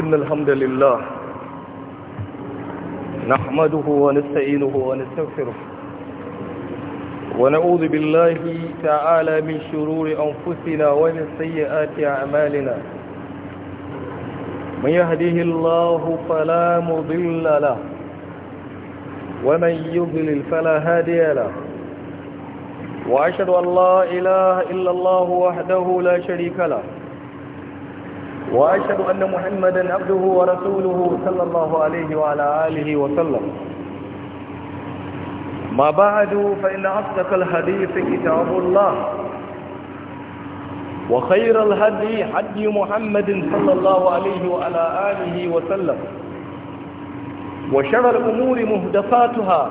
إن الحمد لله نحمده ونستعينه ونستغفره ونعوذ بالله تعالى من شرور أنفسنا ومن سيئات أعمالنا من يهديه الله فلا مضل له ومن يضلل فلا هادي له وأشهد أن لا إله إلا الله وحده لا شريك له وأشهد أن محمدا عبده ورسوله صلى الله عليه وعلى آله وسلم ما بعد فإن أصدق الحديث كتاب الله وخير الهدي هدي محمد صلى الله عليه وعلى آله وسلم وشر الأمور مهدفاتها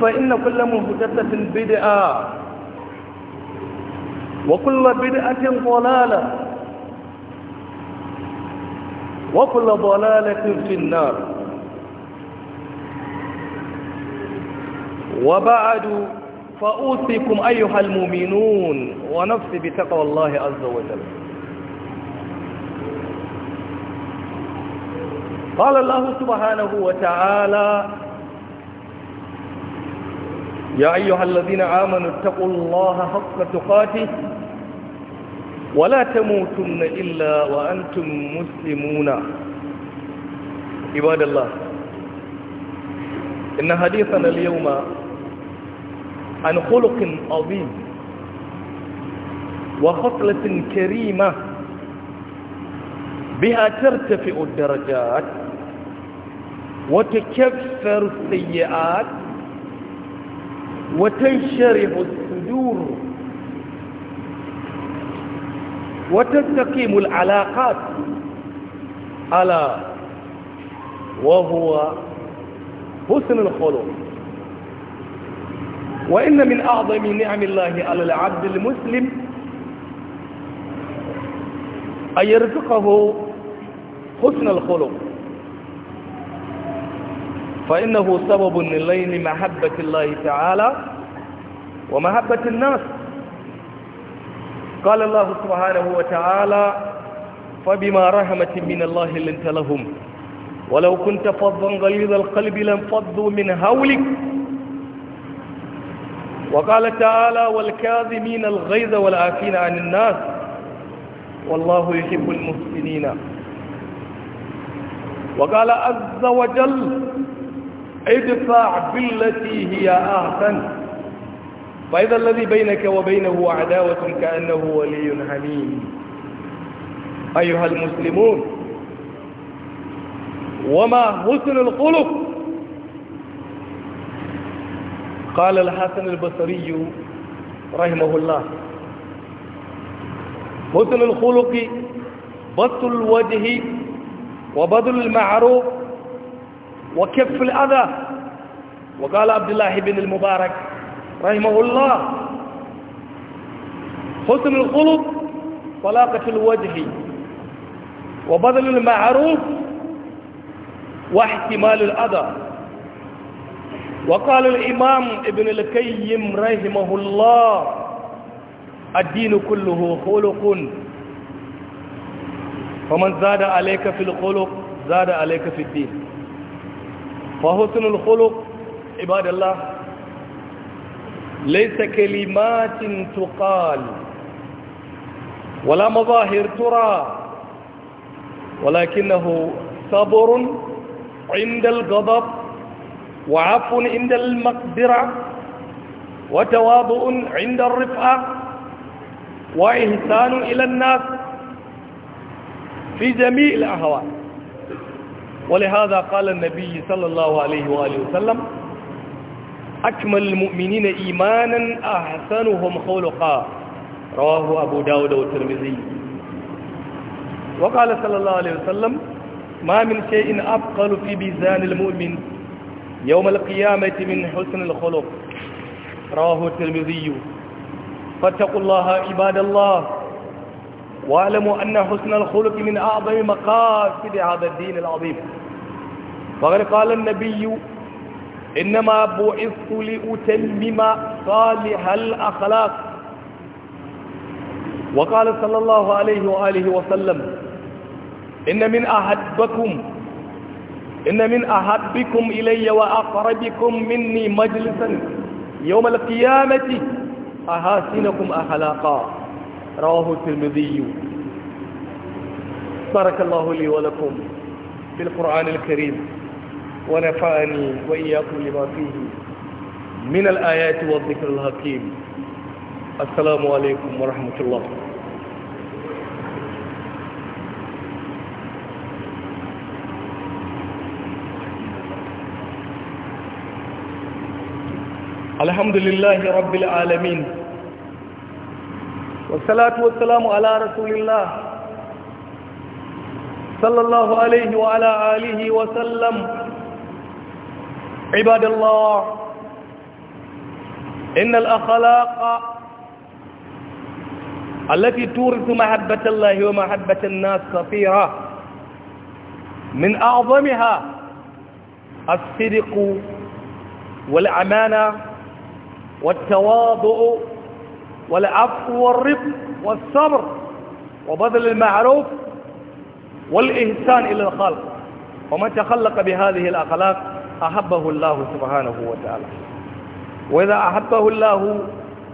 فإن كل مهدفة بدعة وكل بدعة ضلالة وكل ضلالة في النار وبعد فأوصيكم أيها المؤمنون ونفسي بتقوى الله عز وجل قال الله سبحانه وتعالى يا أيها الذين آمنوا اتقوا الله حق تقاته ولا تموتن إلا وأنتم مسلمون عباد الله إن حديثنا اليوم عن خلق عظيم وخصلة كريمة بها ترتفع الدرجات وتكفر السيئات وتنشرح الصدور وتستقيم العلاقات على وهو حسن الخلق وإن من أعظم نعم الله على العبد المسلم أن يرزقه حسن الخلق فإنه سبب للين محبة الله تعالى ومحبة الناس قال الله سبحانه وتعالى فبما رحمة من الله لنت لهم ولو كنت فظا غليظ القلب لانفضوا من هولك وقال تعالى والكاظمين الغيظ والعافين عن الناس والله يحب المحسنين وقال عز وجل ادفع بالتي هي احسن فإذا الذي بينك وبينه عداوة كأنه ولي حميم أيها المسلمون وما حسن الخلق قال الحسن البصري رحمه الله حسن الخلق بسط الوجه وبذل المعروف وكف الأذى وقال عبد الله بن المبارك رحمه الله حسن الخلق طلاقة الوجه وبذل المعروف واحتمال الأذى وقال الإمام ابن القيم رحمه الله الدين كله خلق فمن زاد عليك في الخلق زاد عليك في الدين فحسن الخلق عباد الله ليس كلمات تقال ولا مظاهر ترى ولكنه صبر عند الغضب وعفو عند المقدرة وتواضع عند الرفعة وإحسان إلى الناس في جميع الأهوال ولهذا قال النبي صلى الله عليه وآله وسلم أكمل المؤمنين إيمانا أحسنهم خلقا رواه أبو داود والترمذي وقال صلى الله عليه وسلم ما من شيء أبقل في بيزان المؤمن يوم القيامة من حسن الخلق رواه الترمذي فاتقوا الله عباد الله واعلموا أن حسن الخلق من أعظم مقاصد هذا الدين العظيم وقال النبي إنما بعثت لأتمم صالح الأخلاق وقال صلى الله عليه وآله وسلم إن من أحبكم إن من أحبكم إلي وأقربكم مني مجلسا يوم القيامة أحاسنكم أخلاقا رواه الترمذي بارك الله لي ولكم في القرآن الكريم ونفعني وإياكم لما فيه من الآيات والذكر الحكيم السلام عليكم ورحمة الله الحمد لله رب العالمين والصلاة والسلام على رسول الله صلى الله عليه وعلى آله وسلم عباد الله إن الأخلاق التي تورث محبة الله ومحبة الناس كثيرة من أعظمها الصدق والأمانة والتواضع والعفو والرفق والصبر وبذل المعروف والإحسان إلى الخلق ومن تخلق بهذه الأخلاق أحبه الله سبحانه وتعالى وإذا أحبه الله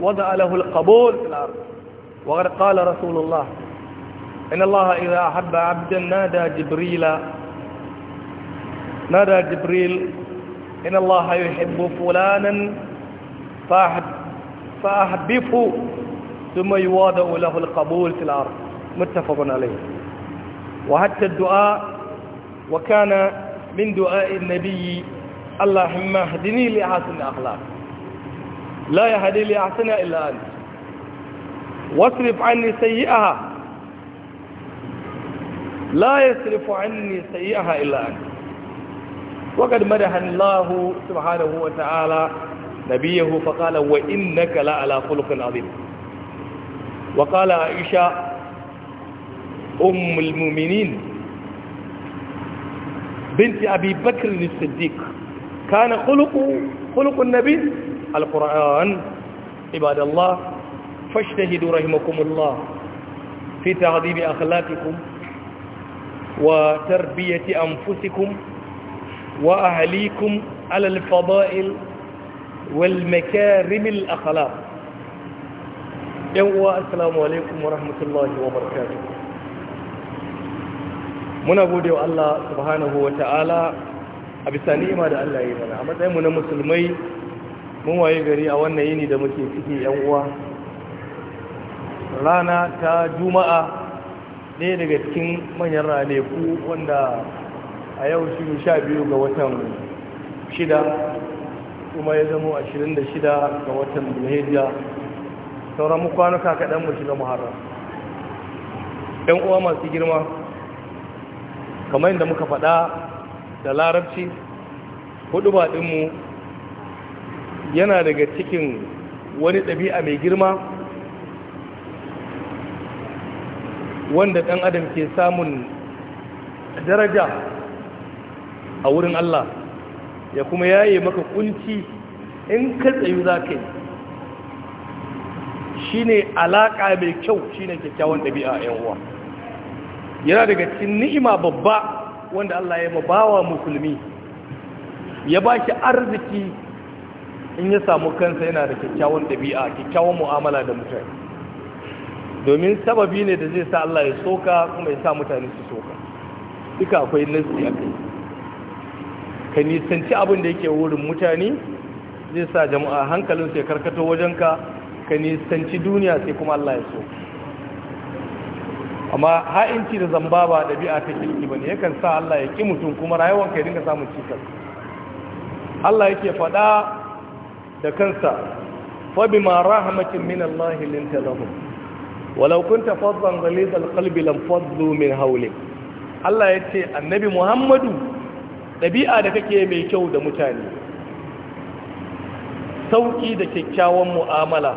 وضع له القبول في الأرض وقد قال رسول الله إن الله إذا أحب عبدا نادى جبريل نادى جبريل إن الله يحب فلانا فأحب فأحبه ثم يوضع له القبول في الأرض متفق عليه وحتى الدعاء وكان من دعاء النبي اللهم اهدني لأحسن أخلاق لا يهدي لأحسنها إلا أنت واصرف عني سيئها لا يصرف عني سيئها إلا أنت وقد مدح الله سبحانه وتعالى نبيه فقال وإنك لعلى خلق عظيم وقال عائشة أم المؤمنين بنت أبي بكر الصديق كان خلق خلق النبي القرآن عباد الله فاجتهدوا رحمكم الله في تعذيب أخلاقكم وتربية أنفسكم وأهليكم على الفضائل والمكارم الأخلاق يوى السلام عليكم ورحمة الله وبركاته muna gode الله سبحانه وتعالى a bisa ni'ima da Allah ya yi mana a matsayin mu na musulmai mun waye gari a wannan yini da muke ciki yan uwa rana ta juma'a ne daga cikin manyan rane ku, wanda a yau shi ne sha biyu ga watan shida kuma ya zama ashirin da shida ga watan bulhijja sauran mu kwanuka kaɗan mu shiga muharram yan uwa masu girma kamar yadda muka faɗa da larabci hudu ba yana daga cikin wani ɗabi'a mai girma wanda ɗan adam ke samun daraja a wurin Allah ya kuma yaye maka kunci in ka tsayu za ka yi shi ne alaƙa mai kyau shi ne kyakkyawan ɗabi'a ‘yan uwa yana daga cin ni'ima babba wanda Allah ya bawa musulmi ya ba shi arziki in ya samu kansa yana da kyakkyawan ɗabi'a kyakkyawan mu'amala da mutane domin sababi ne da zai sa Allah ya soka kuma ya sa mutane su soka duka akwai nasi a kai ka nisanci abin da yake wurin mutane zai sa jama'a hankalinsu ya karkato wajenka ka nisanci duniya sai kuma Allah ya soka amma ha'inci da zamba ba ɗabi'a ta kirki bane yakan sa Allah ya ki mutum kuma rayuwar ka ya dinga samun cikas Allah yake faɗa da kansa fa bima rahmatin min Allah linta lahum walau kunta faddan ghalid alqalbi lam faddu min hawlik Allah yace annabi Muhammadu ɗabi'a da kake mai kyau da mutane sauki da kyakkyawan mu'amala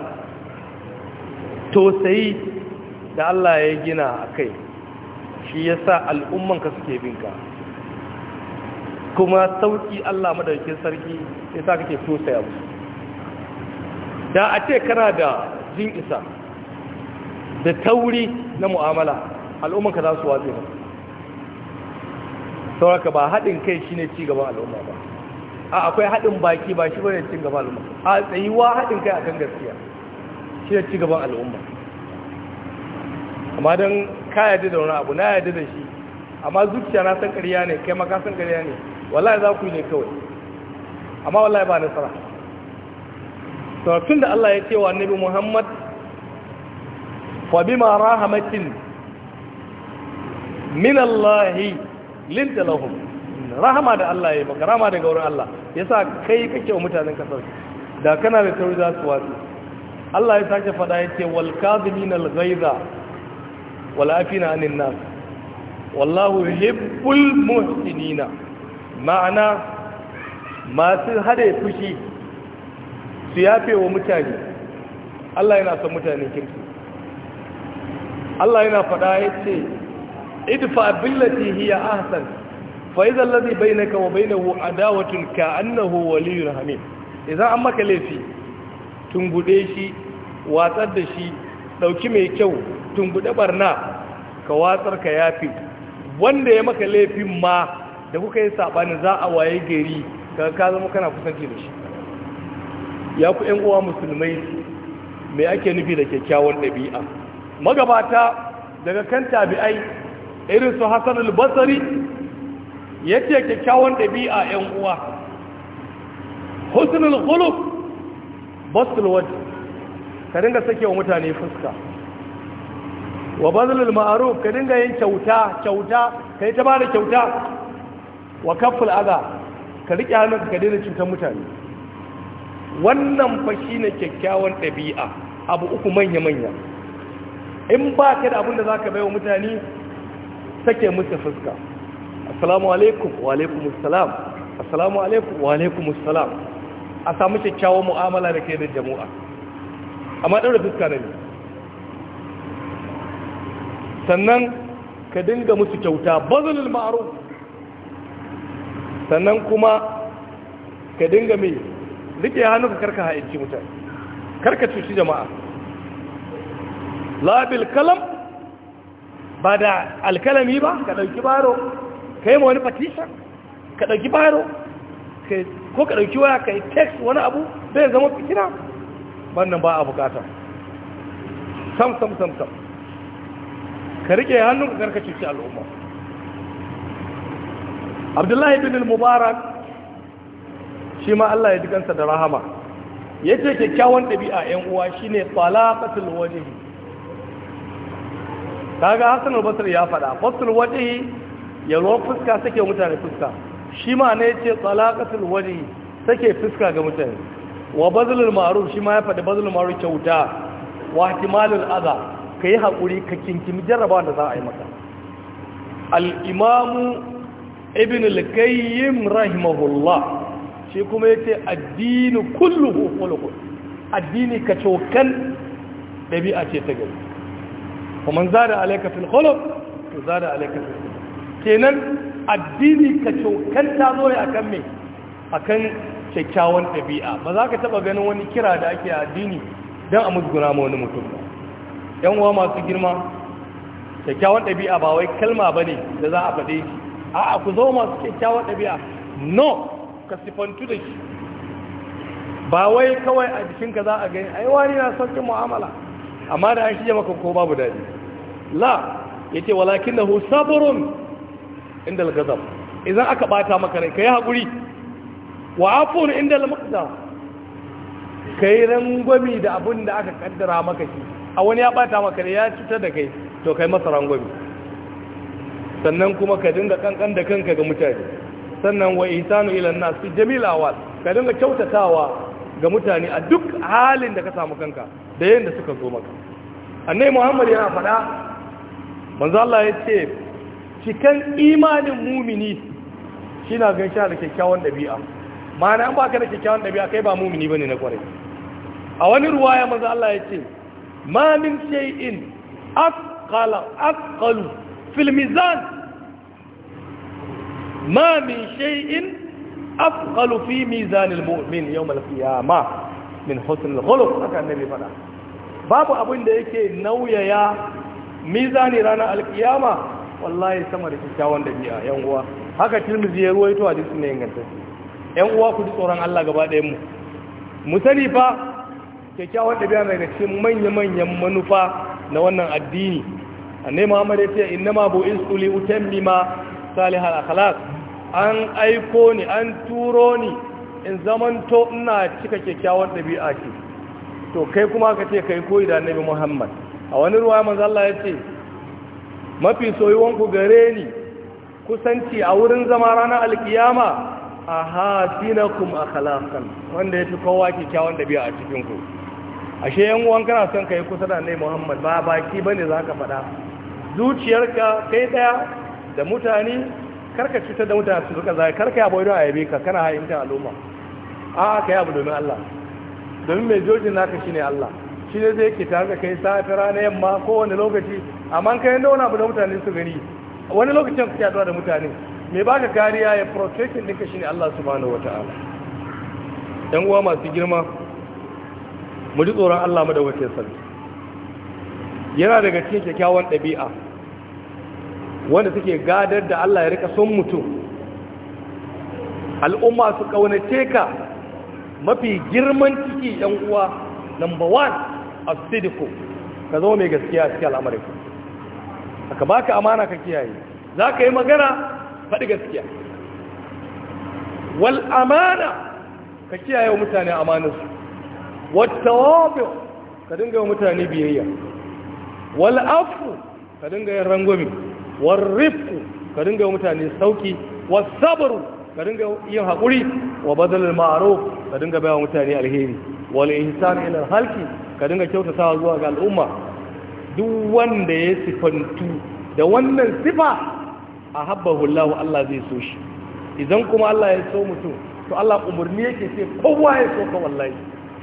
tausayi da Allah ya gina a kai shi ya sa al'ummanka suke binka kuma sauƙi Allah madaukin sarki ya sa kake tosaya musu da a ce kana da jin isa da tauri na mu'amala al'ummanka za su wazi ba sauraka ba haɗin kai shi ne cigaban al'umma ba a akwai haɗin baki ba shi bane cigaban al'umma a tsayiwa haɗin kai a kan gaskiya shi ne cigaban al'umma amma don ka yadda da wani abu na yadda da shi amma zuciya na san karya ne kai maka san karya ne wallahi za ku yi ne kawai amma wallahi ba nasara to tunda da Allah ya ce wa annabi Muhammad fa bima rahamatin min Allah linta lahum rahama da Allah ya maka rahama daga wurin Allah yasa kai kake wa mutanen kasar da kana da tauri za su wasu Allah ya sake faɗa ya ce wal kadhimin al ghaiza wal afina anin nas wallahu hibbul muhsinina ma'ana masu hada fushi su yafe wa mutane Allah yana son mutanen kirki Allah yana faɗa ya ce idfa billati hiya ahsan fa idza alladhi bainaka wa bainahu adawatun ka'annahu waliyyun hamim idan an maka laifi tungude shi watsar da shi dauki mai kyau tumbuɗe barna ka watsar ka yafi wanda ya maka laifin ma da kuka yi saɓani za a waye gari ka ka zama kana kusanci da shi ya ku ‘yan uwa musulmai mai ake nufi da kyakkyawan ɗabi'a magabata daga kan tabi'ai irin su hassan albasari ya ce kyakkyawan ɗabi'a ‘yan uwa husnul khuluq basul ka dinga sake wa mutane fuska wa bazlul ma'ruf ka dinga yin kyauta kyauta kai ta bada kyauta wa kaful aza, ka riƙe hannunka ka daina cutar mutane wannan fa shine kyakkyawan ɗabi'a abu uku manya manya in ba ka da abin da zaka bai wa mutane sake musu fuska assalamu alaikum wa alaikum assalam assalamu alaikum wa alaikum assalam a samu kyakkyawan mu'amala da kai da jama'a amma ɗaura fuska na ne sannan ka dinga musu kyauta bazalul ma'ruf sannan kuma ka dinga mai rike hannu ka karka haici mutane karka cuci jama'a labil kalam ba da alkalami ba ka ɗauki baro ka yi ma wani petition ka ɗauki baro ko ka ɗauki waya ka yi text wani abu zai zama fitina wannan ba a bukata sam sam sam sam ka rike hannun ka karka cuci al'umma abdullahi bin mubarak shi ma Allah ya ji kansa da rahama yace kyakkyawan ɗabi'a ƴan uwa shine talaqatul wajh kaga Hassan al basri ya faɗa fasul wajh ya ro fuska sake mutane fuska shi ma ne yace talaqatul wajh sake fuska ga mutane wa bazlul ma'ruf shi ma ya faɗi bazlul ma'ruf kyauta wa ihtimalul adha ka yi haƙuri ka kinkimi jarraba da za a yi maka al'imamu ibn al-kayyim rahimahullah shi kuma ya ce addini kulluhu kulluhu addini ka cokan ɗabi'a ce ta gari kuma za da alaikafin holo to za da alaikafin kenan addini ka cokan ta zo ne a kan mai a kan kyakkyawan ɗabi'a ba za ka taɓa ganin wani kira da ake addini don a musguna ma wani mutum ba yan uwa masu girma kyakkyawan ɗabi'a ba wai kalma ba ne da za a faɗe a'a ku zama masu kyakkyawan ɗabi'a no ka sifantu da shi ba wai kawai a jikinka za a gani ai wani na sauƙin mu'amala amma da an shige maka ko babu daɗi la ya ce walakin na husaburun inda al idan aka ɓata maka rai ka yi haƙuri wa afun inda al ka yi rangwami da abin da aka ƙaddara maka shi a wani ya bata maka ne ya cutar da kai to kai masa rangwami sannan kuma ka dinga kankan da kanka ga mutane sannan wa ihsanu ila nas jamila wa ka dinga kyautatawa ga mutane a duk halin da ka samu kanka da yanda suka zo maka annai muhammad yana faɗa manzo Allah ya ce cikan imanin mumini ga gaisha da kyakkyawan dabi'a ma'ana an baka da kyakkyawan dabi'a kai ba mumini bane na kwarai a wani ruwaya manzo Allah ya ce ma min shay'in aqala aqalu fil mizan ma min shay'in aqalu fi mizan al mu'min yawm al qiyamah min husn al khuluq aka annabi fada babu abin da yake nauyaya mizani ranar alƙiyama. wallahi sama da kyakkyawan dabi'a yan uwa haka tirmizi ya ruwaito hadisi ne ingantacce yan uwa ku tsoron Allah gaba ɗayan mu mu sani fa Kyakkyawan ɗabi'a na daga cikin manya-manyan manufa na wannan addini annai muhammad ya ce inna ma bu isu utan mima salihal akhlaq an aiko ni an turo ni in zamanto ina cika kyakkyawan ɗabi'a ce to kai kuma ka ce kai koyi da annabi muhammad a wani ruwa manzo Allah ya ce mafi soyuwan ku gare ni kusanci a wurin zama ranar alkiyama a hasinakum akhlaqan wanda yafi kowa kyakkyawan ɗabi'a a cikinku. ashe yan uwan kana son kai kusa da annabi Muhammad ba baki bane zaka faɗa zuciyarka kai daya da mutane karka cutar da mutane su duka zai karka yabo don ayabe ka kana ta al'umma a kai abu domin Allah domin mai jojin naka shine Allah shi ne zai ke tare da kai safi rana yamma ko wani lokaci amma kai yanda wani abu da mutane su gani wani lokacin su yaduwa da mutane mai baka kariya ya protection shi shine Allah subhanahu wata'ala yan uwa masu girma mu ji tsoron Allah wace sani. yana daga cikin kyakkyawan ɗabi'a wanda suke gadar da Allah ya rika son mutum al'umma su kaunace ka mafi girman ciki yan uwa number 1 as-sidqu ka zama mai gaskiya cikin al'amari ka baka amana ka kiyaye zaka yi magana faɗi gaskiya wal amana ka kiyaye mutane amanarsu wattawabi ka dinga mutane biyayya wal afu ka dinga yin rangwami wal ka dinga mutane sauki was ka dinga yin hakuri wa badal ma'ruf ka dinga bayan mutane alheri wal ihsan ila halki ka dinga kyautatawa zuwa ga al'umma duk wanda ya sifantu da wannan sifa a habbahu Allah Allah zai so shi idan kuma Allah ya so mutum to Allah umurni yake sai kowa ya so ka wallahi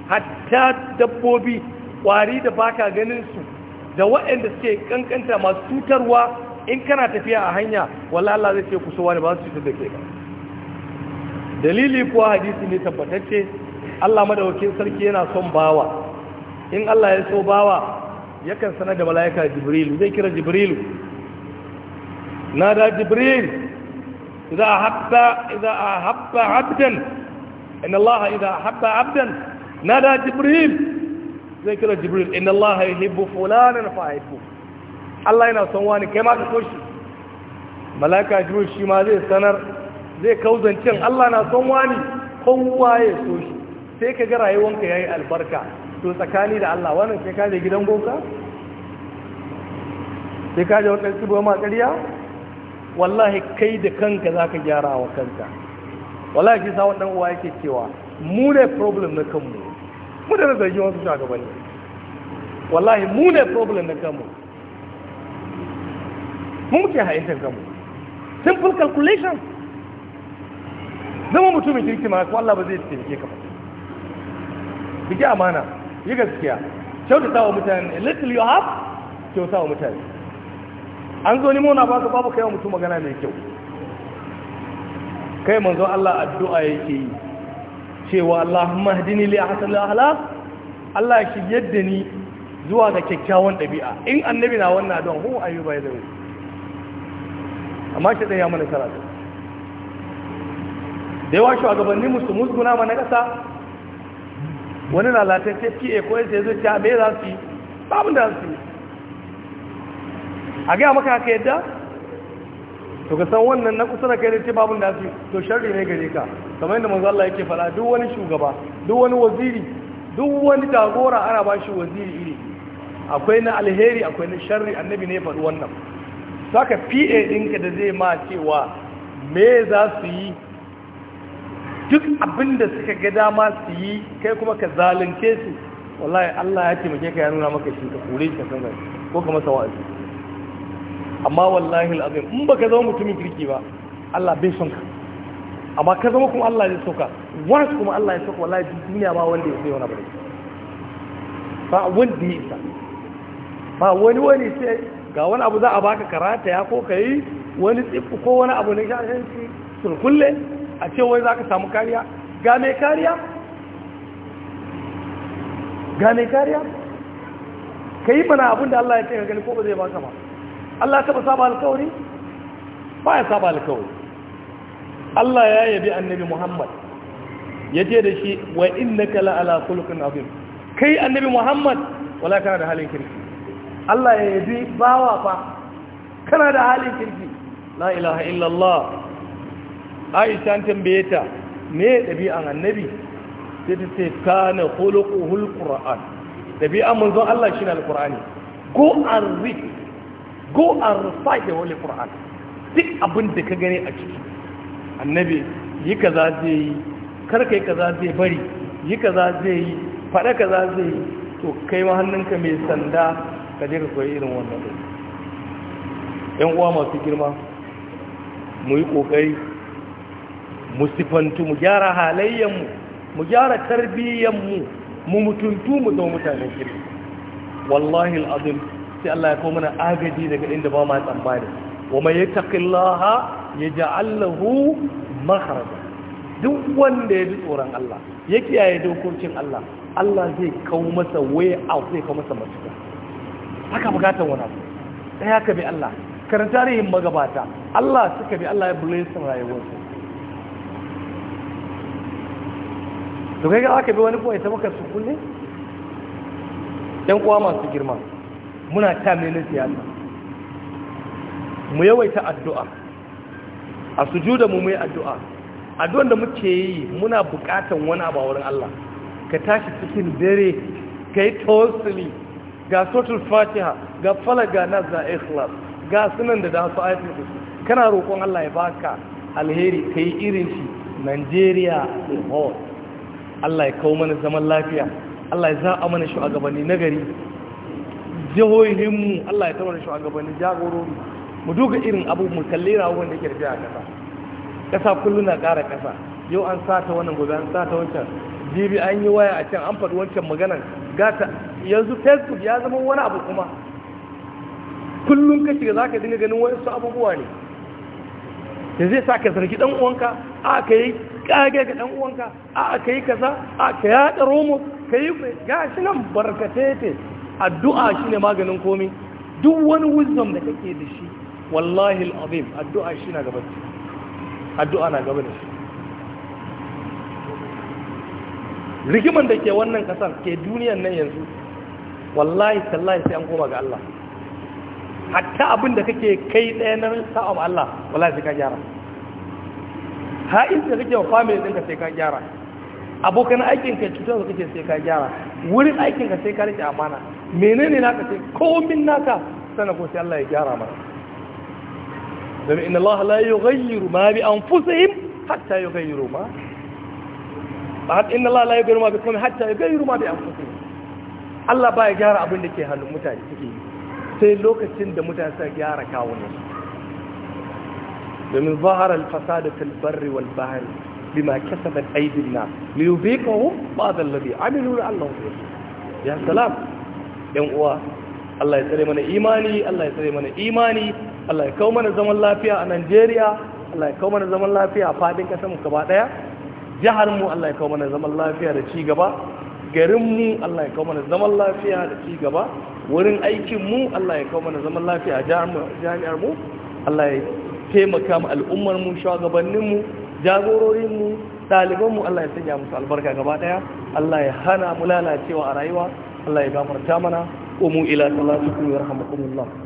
hatta dabbobi ƙwari da baka ganin su da waɗanda suke kankanta masu cutarwa in kana tafiya a hanya wala Allah zai ce kusowa wani ba su cutar da ke ba dalili kuwa hadisi ne tabbatacce Allah madawakin sarki yana son bawa in Allah ya so bawa yakan sanar da mala'ika jibrilu zai kira jibrilu na da jibril idan a haɓɓa habba abdan in Allah habba abdan nada jibril zai kira jibril inna allaha yuhibbu fulanan fa yuhibbu Allah yana son wani kai ma ka so shi malaka jibril shi ma zai sanar zai kauzancin Allah na son wani kowa ya so shi sai ka ga rayuwanka yayi albarka to tsakani da Allah wannan sai ka je gidan goka sai ka je wata sibo ma ƙarya wallahi kai da kanka zaka gyara wa kanka wallahi shi sa wannan uwa yake cewa mu ne problem na kanmu mu da zargin wasu ne wallahi mu ne problem na kanmu mu muke haifin kanmu simple calculation zama mutumin kirki ma ko Allah ba zai taimake ka ba biki amana yi gaskiya kyauta wa mutane a little you have kyauta wa mutane an zo nemo na ba ka babu kai wa mutum magana mai kyau kai manzo Allah addu'a yake yi cewa Allahumma hdini li ahsanil akhlaq Allah ya yadda ni zuwa ga kyakkyawan ɗabi'a in annabi na wannan don hu ayyuba ya zama amma shi ya mana karatu da yawa ni musu musguna mana ƙasa wani na latacce pa ko yadda ya zo ta bai za su yi babin da su yi a gaya maka haka yadda to ka san wannan na kusa da kai ne ce babun da su to sharri ne gare ka kamar yadda manzo Allah yake fara duk wani shugaba duk wani waziri duk wani jagora ana ba shi waziri iri akwai na alheri akwai na sharri annabi ne faɗi wannan saka pa ɗinka da zai ma cewa me za su yi duk abin da suka ga dama su yi kai kuma ka zalunce su wallahi Allah ya taimake ka ya nuna maka shi ka kore, shi ka san ko ka masa amma wallahi alazim in ba ka zama mutumin kirki ba Allah bai son ka amma ka zama kuma Allah ya soka wani kuma Allah ya soka wallahi duniya ba wanda ya sai wani bare ba wanda ya isa ba wani wani sai ga wani abu za a baka karata ya ko kai wani tsifu ko wani abu na shahanci kulle, a ce wani za ka samu kariya ga mai kariya ga mai kariya ka yi mana abin da Allah ya ce ka gani ko ba zai baka ba Allah taba saba alkawari ba ya saba alkawari Allah ya yabi annabi Muhammad ya je da shi wa innaka la ala khuluqin azim kai annabi Muhammad wala kana da halin kirki Allah ya yabi bawa fa kana da halin kirki la ilaha illallah Aisha an tambaye ta me dabi'an annabi sai ta ce kana khuluquhul qur'an dabi'an manzon Allah shine alqur'ani ko arzik go and recite the holy quran duk abin da ka gani a ciki annabi yi kaza zai yi kar yi kaza zai bari yi kaza zai yi fada kaza zai yi to kai ma hannunka mai sanda ka je ka koyi irin wannan ɗin yan uwa masu girma mu yi ƙoƙari mu sifantu mu gyara halayyanmu mu gyara tarbiyyanmu mu mutuntu mu zama mutanen girma. wallahi al'adun sai Allah ya kawo mana agaji daga inda ba ma tsammani wa mai yattaqillaha ja lahu makhraja duk wanda ya ji tsoron Allah ya kiyaye dokokin Allah Allah zai kawo masa way out zai kawo masa mafita haka bukatar wani abu sai haka bi Allah karanta tarihin magabata Allah suka bi Allah ya blessin rayuwarsu to kai ga aka bi wani ko ya maka su kulle yan kuwa masu girma muna ta menin siyasa mu yawaita addu'a a sujuda mu mai addu'a addu'an da muke yi muna bukatan wani abu Allah ka tashi cikin dare ka yi tawassuli ga sotul fatiha ga falaga na za ga sunan da da su kana roƙon Allah ya baka alheri ka yi irin shi Nigeria in all Allah ya kawo mana zaman lafiya Allah ya za a mana shugabanni nagari jihohinmu Allah ya taba da shugabannin jagorori mu duka irin abubuwan kalle na abubuwan da ke tafiya a ƙasa ƙasa kullum na ƙara ƙasa yau an sata wannan gobe an sata wancan jibi an yi waya a can an faɗi wancan maganar gata yanzu facebook ya zama wani abu kuma kullum ka shiga za ka dinga ganin wasu abubuwa ne da zai sa ka zargi dan uwanka a ka yi kage ga dan uwanka a ka yi kaza a ka yaɗa romo ka yi gashi nan barkatete addu'a shine maganin komi duk wani wisdom da kake da shi wallahi al’abim addu'a shi na gaba addu'a na gaba da shi rikiman da ke wannan kasar ke duniyan nan yanzu wallahi tallahi sai an koma ga Allah hatta abin da kake kai ɗayanar na sa'am Allah wallahi sai ka gyara ha'in da kake wa family ɗinka sai ka gyara abokan aikinka cutar da kake sai ka gyara wurin aikinka sai ka rike amana menene naka ce komin naka sana ko sai Allah ya gyara mana dan inna Allah la yughayyiru ma bi anfusihim hatta yughayyiru ma ba'd inna Allah la yughayyiru ma bi anfusihim hatta yughayyiru ma bi anfusihim Allah ba ya gyara abin da ke hannun mutane suke sai lokacin da mutane suka gyara kawunan domin zahar al-fasada fil barri wal bahri bima kasabat aydina liyuziqahum ba'd alladhi amilu la'allahum yarji'un ya salam yan uwa Allah ya tsare mana imani Allah ya tsare mana imani Allah ya kawo mana zaman lafiya a Najeriya Allah ya kawo mana zaman lafiya a fadin kasar mu gaba daya jihar mu Allah ya kawo mana zaman lafiya da ci gaba garin mu Allah ya kawo mana zaman lafiya da ci gaba wurin aikin mu Allah ya kawo mana zaman lafiya a jami'ar mu Allah ya taimaka mu al'ummar mu shugabannin mu jagororin mu ɗaliban mu Allah ya sanya musu albarka gaba daya Allah ya hana mu lalacewa a rayuwa Allah ya gafarta mana umu ila salatikum yarhamukumullah